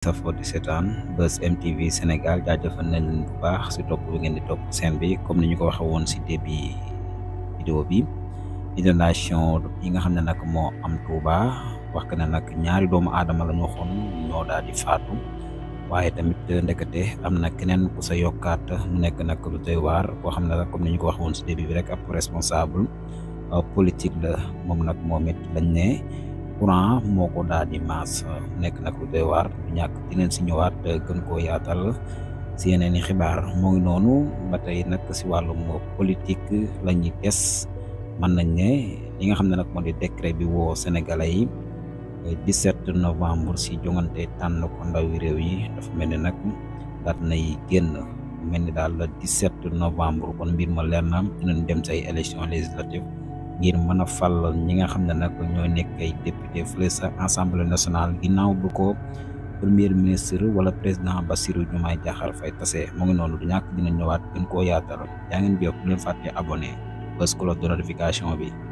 safo di seetaan bus MTV senegal jaajëfal nañ leen bu baax si top bi ngeen di top seen bi comme ni ko waxe woon si debi vidéo bi inondation yi nga xam ne nag am Touba wax ne nag ñaari doomu aadama la ñu waxoon ñoo daal di faatu waaye tamit ndekete am na keneen ku sa yokkaat mu nekk nag lu doy waar koo xam ne comme ni ko waxe woon si debi bi rek ab responsable politique la mom nag moom lañ ne courant moko ko daal di maas nekk nag lu doy war ñak ñàkk dinañ si ñëwaat gën ko yaatal si yeneen xibaar mo ngi nonu batay nak nag si wàllum politique lañu dess man nañ ne li nga xamne nak nag di décret bi wo sénégalais yi 17 novembre si jongante tan ko ndaw rew yi dafa melni nak dat nay genn melni dal 17 novembre kon mbir ma lernam na dinañ dem say élection législative ngir mën a fàllal ñi nga xam ne nag ñoo nekk ay député fële sa assemblée nationale ginnaaw bu ko premier ministre wala président ba Bassirou Diomaye Diakhar fay tase mu ngi noonu du ñàkk dina ñëwaat gën koo yaatal yaa ngeen jëf bu leen fàtte abonné bës ko la notification bi